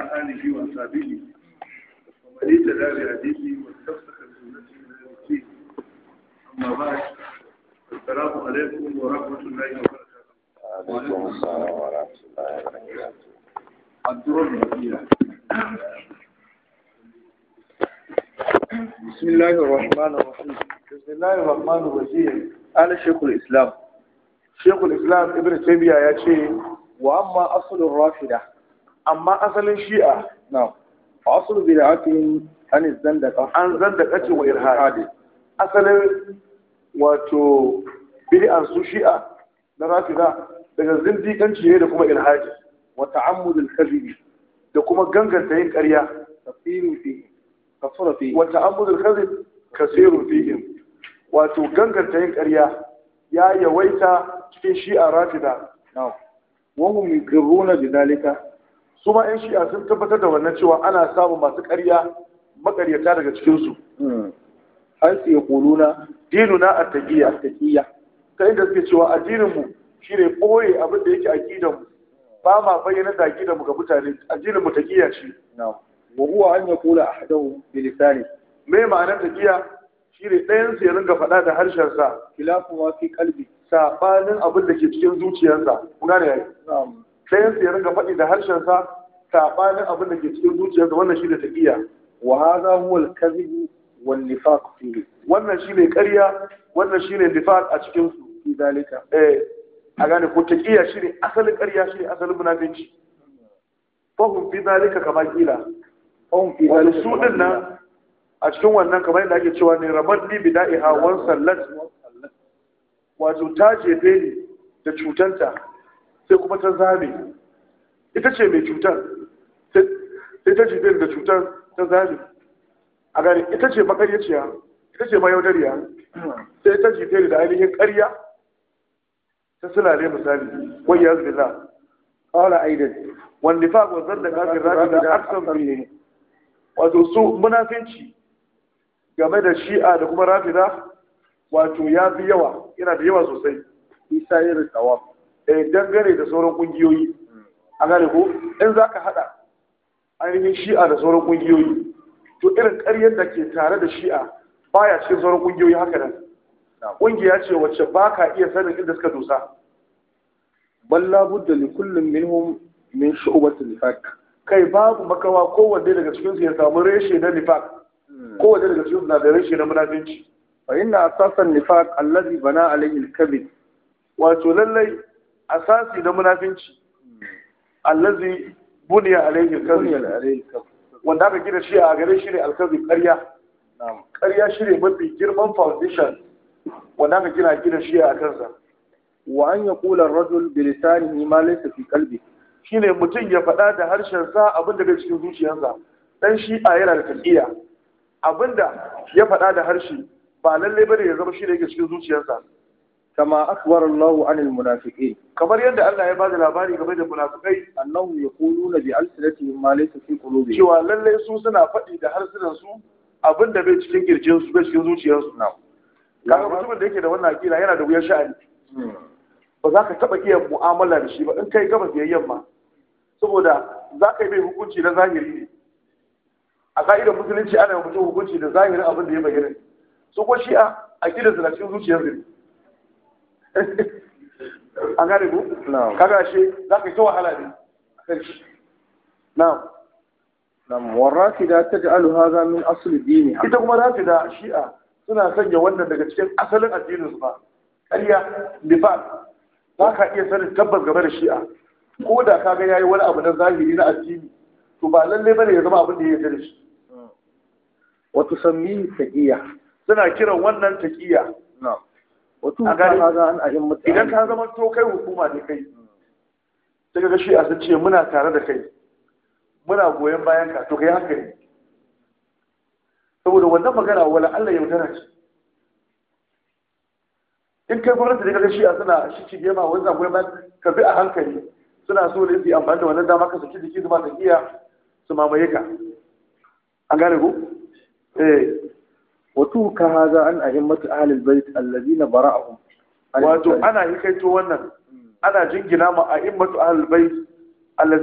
آله وصحبه ومن اهتدى بهديه واستفسخ بسنته إلى يوم أما بعد السلام عليكم ورحمة الله وبركاته وعليكم السلام ورحمة الله وبركاته الدور بسم الله الرحمن الرحيم بسم الله الرحمن الرحيم أنا شيخ الإسلام شيخ الإسلام ابن تيمية يا شيخ وأما أصل الرافدة amma asalin shi'a na asul bid'atihim an zandaka an zandaka ce wa irhadi asalin wato bid'an su shi'a na rafida daga zindiƙanci ne da kuma irhadi wa ta'ammudul kadhibi da kuma ganganta yin ƙarya tafsiru fi kasura fi wa ta'ammudul kadhib kasiru fi wato ganganta yin ƙarya ya yawaita cikin shi'a rafida na'am wa hum yuqirruna bidhalika su ma yan shi'a sun tabbatar da wannan cewa ana samun masu ƙarya maƙaryata daga cikinsu hmm. An su yaquluna dinuna dinu na at-taqiyya kai da suke cewa addinin mu shine ɓoye abin da yake aqidan mu ba ma bayyana da aqidan mu ga mutane addinin mu taqiyya ce na'am wa huwa an yaqula ahaduhum bi lisani me ma'anar taqiyya shine ɗayan su ya ringa faɗa da harshen sa khilafu ma fi qalbi sabanin abin da ke cikin zuciyarsa Kuna gane yayi na'am ɗayan su ya ringa faɗi da harshen sa sabanin abin da ke cikin da wannan shi da tafiya, wa hadha huwa al-kadhib wal nifaq fihi wannan shi ne ƙarya wannan shi ne nifaq a cikin su fi dalika eh a gane ko taqiya shi ne asalin ƙarya shi ne asalin munafici fahum fi dalika kama kila fahum fi dalika su din nan a cikin wannan kamar yadda ake cewa ne rabaddi bida'iha wan sallat wato ta jefe ni da cutanta sai kuma ta zame ita ce mai cutar sai ta jibe da cutar ta zari a gani ita ce makaryaciya ita ce mayaudariya sai ta jibe da ainihin karya ta sulare misali wai ya la ƙawala aidan wani fa ko zan da kafin rafi da aksan fiye wato su munafinci game da shi'a da kuma da wato ya fi yawa yana da yawa sosai isa irin tsawa eh, dangane da sauran kungiyoyi a gani ko in za ka haɗa ainihin shi'a da sauran ƙungiyoyi to irin ƙaryar da ke tare da shi'a baya cikin sauran ƙungiyoyi haka nan ƙungiya ce wacce ba ka iya sanin inda suka dosa bal labudda li kullum minhum min shu'batil nifaq kai babu makawa kowanne daga cikin su ya samu reshe na nifaq hmm. kowanne daga cikin su na da reshe na munafinci fa inna asasan nifaq allazi bana alayhi al-kabid wato lallai asasi na munafinci hmm. allazi buniya alaihi kazi wanda aka gina shi a gare shi ne alkazi Karya karya shi ne mafi girman foundation wanda aka gina gina shi a kansa wa an ya kula rajul bi lisanihi ma laysa fi qalbi shine mutum ya faɗa da harshen sa abinda bai cikin zuciyarsa dan shi a yana da taqiya abinda ya faɗa da harshe ba lalle bane ya zama shi ne yake cikin zuciyarsa kama akbar Allah al munafiqin kamar yadda Allah ya bada labari game da munafikai annahum yaquluna bi alsinatihim ma laysa fi qulubihim cewa lalle su suna faɗi da harsunan su abinda bai cikin kirjin su bai cikin zuciyar su na kaga mutumin da yake da wannan akida yana da wuyar sha'ani ba za ka taba iya mu'amala da shi ba in kai gaba yayyan ma saboda za ka yi mai hukunci na zahiri ne a ka'idar musulunci ana mutum hukunci da zahirin abin da ya bayyana su ko shi'a akidarsa na zuciyar su ne an gane ku kaga shi za ka yi ta wahala ne na'am na'am ta taj'alu hadha min asli dini ita kuma rafida shi'a suna sanya wannan daga cikin asalin addinin su ba ƙarya nifaq za ka iya sanin tabbas game da shi'a ko da ka ga yayi wani abu na zahiri na addini to ba lalle bane ya zama abin da ya yarda da shi wa tusammi taqiya suna kiran wannan taqiya na'am idan ka zama to kai hukuma ne kai sai ka gashi a sun ce muna tare da kai muna goyon bayan ka to kai haka ne saboda wannan magana wala Allah ya mutana ce in kai gwamnati da ka gashi a suna shi ci biyama wanda goyon bayan ka bi a hankali suna so ne su yi amfani da wannan dama ka saki jiki su ma su iya su mamaye ka an gane ku eh wato ka haza an ahimmatu ahlul bait alladina bara'ahum wato ana hikaito wannan ana jingina ma a'immatu ahlul bait alladina